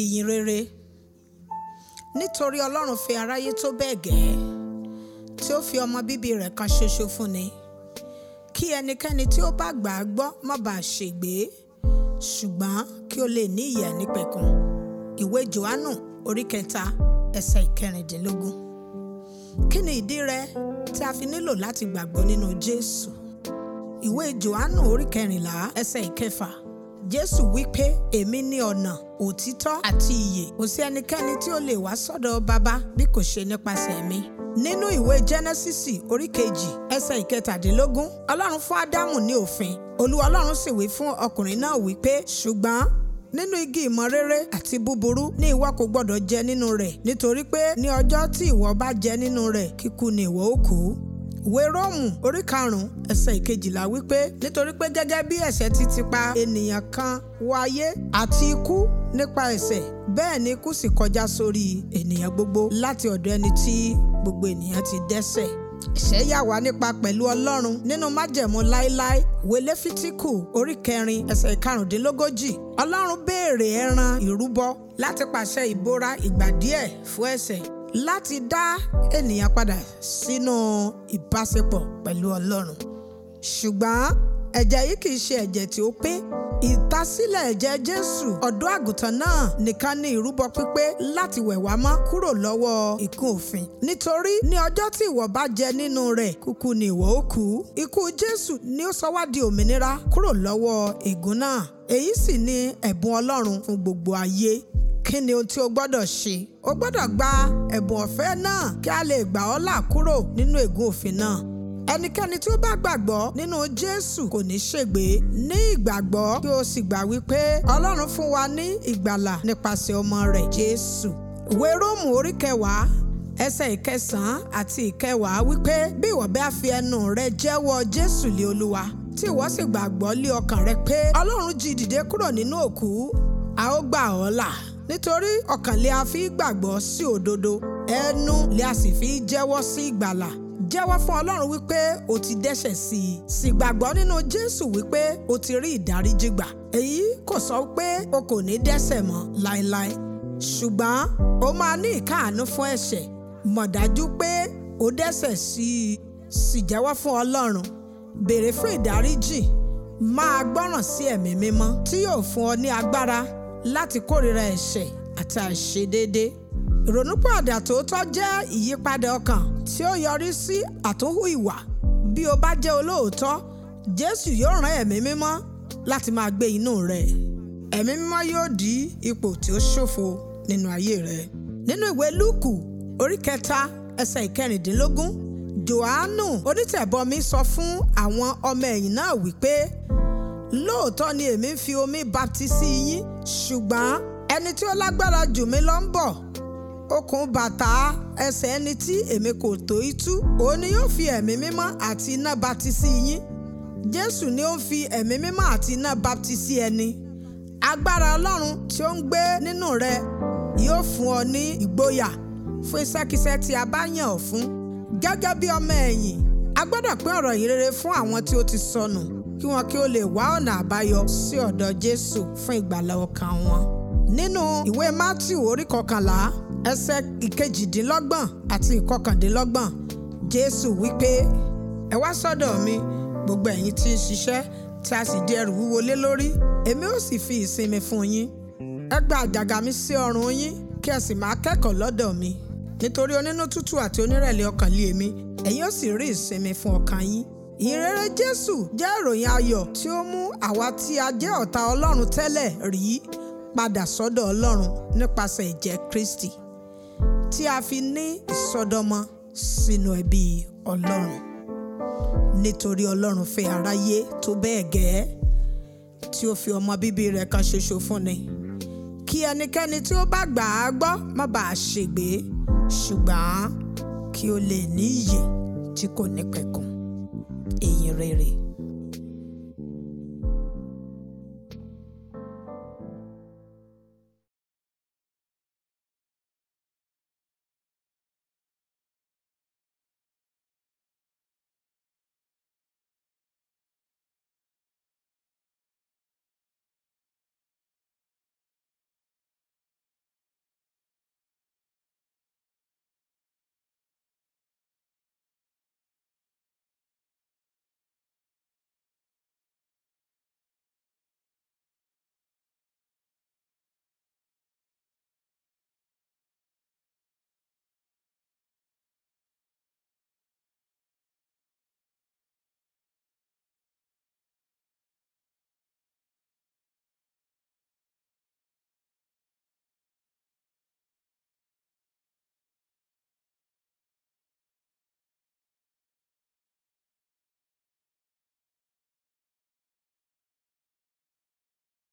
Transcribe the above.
ìyìn rere nítorí ọlọ́run fi aráyé tó bẹ́ẹ̀ gẹ́ẹ́ tí ó fi ọmọ bíbí rẹ̀ kan ṣoṣo fún ni kí ẹnikẹ́ni tí ó bá gbà á gbọ́ má bàa ṣègbé ṣùgbọ́n kí ó lè ní ìyè nípẹ̀kun ìwé Jòhánù orí kẹta ẹsẹ̀ ìkẹrìndínlógún kí ni ìdí rẹ tí a fi nílò láti gbàgbọ́ nínú Jésù ìwé Jòhánù orí kẹrìnlá ẹsẹ̀ ìkẹfà Jésù wípé èmi ni ọ̀nà òtítọ́ àti ìyè kò sí ẹnikẹ́ni tí ó lè wá sọ́dọ̀ bàbá bí kò ṣe nípasẹ̀ mi. Nínú ìwé Jẹ́nẹ́sísì orí kejì ẹsẹ̀ ìkẹtàdínlógún Ọlọ́run fún Ádámù ní òfin Olúwa Ọlọ́run sì wí fún ọkùnrin náà wípé ṣùgbọ́n nínú igi ìmọ̀ rere àti búburú ní ìwọ kò gbọdọ̀ jẹ nínú rẹ̀ nítorí pé ní ọjọ́ tí ìwọ bá jẹ nínú rẹ̀ kíkú ni ìwọ ó kú ìwé róòmù orí karùn-ún ẹsẹ̀ ìkejìlá wípé nítorí pé gẹ́gẹ́ bí ẹ̀ṣẹ̀ ti ti pa ènìyàn kan wáyé àti ikú nípa ẹ̀ṣẹ̀ bẹ́ẹ̀ ni ikú sì kọjá sórí ènìyàn gbogbo láti ọ̀dọ̀ ẹni tí gbogbo ènìyàn ti dẹ́ṣẹ̀ ẹ̀ṣẹ̀ yà wá nípa pẹ̀lú ọlọ́run nínú májẹ̀mú láéláé ìwé lẹ́fítíkù orí kẹrin ẹsẹ̀ ìkarùndínlógójì ọlọ́run béèrè ẹran ìrúbọ láti pàṣẹ ìbora ìgbà díẹ̀ fún ẹ̀ṣẹ̀ láti dá ènìyàn padà sínú ìbáṣepọ̀ pẹ̀lú Ọlọ́run ṣùgbọ́n ẹ̀jẹ̀ yìí kìí ṣe ẹ̀jẹ̀ tí ó pé ìtasílẹ̀ ẹ̀jẹ̀ Jésù ọ̀dọ́ àgùntàn náà nìkan ni ìrúbọ pípé láti wẹ̀ mọ́ kúrò lọ́wọ́ ìkún òfin nítorí ní ọjọ́ tí ìwọ bá jẹ nínú rẹ̀ kúkú ni ìwọ ó kú ikú Jésù ni ó sọ wá di òmìnira kúrò lọ́wọ́ ègún náà èyí sì ni ẹ̀bùn Ọlọ́run fún gbogbo ayé kí ni ohun tí o gbọ́dọ̀ ṣe o gbọ́dọ̀ gba ẹ̀bùn ọ̀fẹ́ náà kí a lè gbà ọ́ là kúrò nínú ègún òfin náà ẹnikẹ́ni tí ó bá gbàgbọ́ nínú jésù kò ní ṣègbé ní ìgbàgbọ́ kí o sì gbà wípé ọlọ́run fún wa ní ìgbàlà nípasẹ̀ ọmọ rẹ̀ jésù ìwé róòmù orí kẹwàá ẹsẹ̀ ìkẹsàn-án àti ìkẹwàá wípé bí ìwọ bá fi ẹnu rẹ jẹ́wọ́ jésù lé olúwa tí ìwọ sì gbàgbọ́ lé ọkàn rẹ pé ọlọ́run jí dìde kúrò nínú òkú a ó gbà ọ́ là nítorí ọkàn lè a fi gbàgbọ́ sí òdodo ẹnu lè a sì fi jẹ́wọ́ sí ìgbàlà jẹ́wọ́ fún ọlọ́run wípé o ti dẹ́ṣẹ̀ sí i sì gbàgbọ́ nínú jésù wípé o ti rí ìdáríjì gbà èyí kò sọ pé o kò ní dẹ́ṣẹ̀ mọ́ láéláé ṣùgbọ́n o máa ní ìkáàánú fún ẹ̀ṣẹ̀ mọ̀ dájú pé o dẹ́ṣẹ̀ sí i sì jẹ́wọ́ fún ọlọ́run béèrè fún ìdáríjì máa gbọ́ràn sí ẹ̀mí mímọ́ tí yóò fún ọ ní agbára láti kórìíra ẹ̀ṣẹ̀ àti àìṣedéédé. ìrònúpìwàdà tòótọ́ jẹ́ ìyípadà ọkàn tí ó yọrí sí àtúnhù ìwà bí o bá jẹ́ olóòótọ́ Jésù yóò rán ẹ̀mí mímọ́ láti máa gbé inú rẹ ẹ̀mí mímọ́ yóò dí ipò tí ó ṣòfo nínú ayé rẹ. nínú ìwé Lúùkù orí kẹta ẹsẹ̀ ìkẹrìndínlógún Jòhánù onítẹ̀bọmi sọ fún àwọn ọmọ ẹ̀yìn náà wípé lóòótọ́ ni èmi ń fi omi baptisi yín ṣùgbọ́n ẹni tí ó lágbára jù mí lọ ń bọ̀ okùn bàtà ẹsẹ̀ ẹni tí èmi kò tó itú òun ni yóò fi ẹ̀mí mímọ́ àti iná baptisi yín jésù ni ó ń fi ẹ̀mí mímọ́ àti iná baptisi ẹni agbára ọlọ́run tí ó ń gbé nínú rẹ yóò fún ọ ní ìgboyà fún iṣẹ́kíṣẹ́ tí a bá yàn ọ́ fún gẹ́gẹ́ bí ọmọ ẹ̀yìn a gbọ́dọ̀ pín ọ̀rọ̀ ìhìnrere fún àwọn tí ó ti sọnù kí wọn kí ó lè wá ọ̀nà àbáyọ sí ọ̀dọ̀ Jésù fún ìgbàlà ọkàn wọn. nínú ìwé Matthew orí kọkànlá ẹsẹ̀ ìkejìdínlọ́gbọ̀n àti ìkọkàndínlọ́gbọ̀n Jésù wípé ẹ wá sọ́dọ̀ mi gbogbo ẹ̀yin tí ń ṣiṣẹ́ tí a sì di ẹrù wúwo lé lórí èmi ó sì fi ìsinmi fún yín ẹ gba àjàgà mi sí ọrùn yín kí ẹ sì máa kẹ́kọ̀ọ́ lọ́dọ̀ mi nítorí onínú tútù àti onírẹ̀lẹ̀ ọkàn lé èmi ẹ̀yin ó sì rí ìsinmi fún ọkàn yín ìrere Jésù jẹ́ ìròyìn ayọ̀ tí ó mú àwa tí a jẹ́ ọ̀tá Ọlọ́run tẹ́lẹ̀ rí padà sọ́dọ̀ Ọlọ́run nípasẹ̀ ìjẹ́ Kristi tí a fi ní ìsọdọmọ sínú ẹbí Ọlọ́run nítorí Ọlọ́run fẹ́ aráyé tó bẹ́ẹ̀ gẹ́ẹ́ tí ó fi ọmọ bíbí rẹ̀ kan ṣoṣo fún ni kí ẹnikẹ́ni tí ó bá gbà á gbọ́ má bàa ṣègbé ṣùgbọ́n kí ó lè ní ìyè tí kò ní pẹ̀kun. Hariri.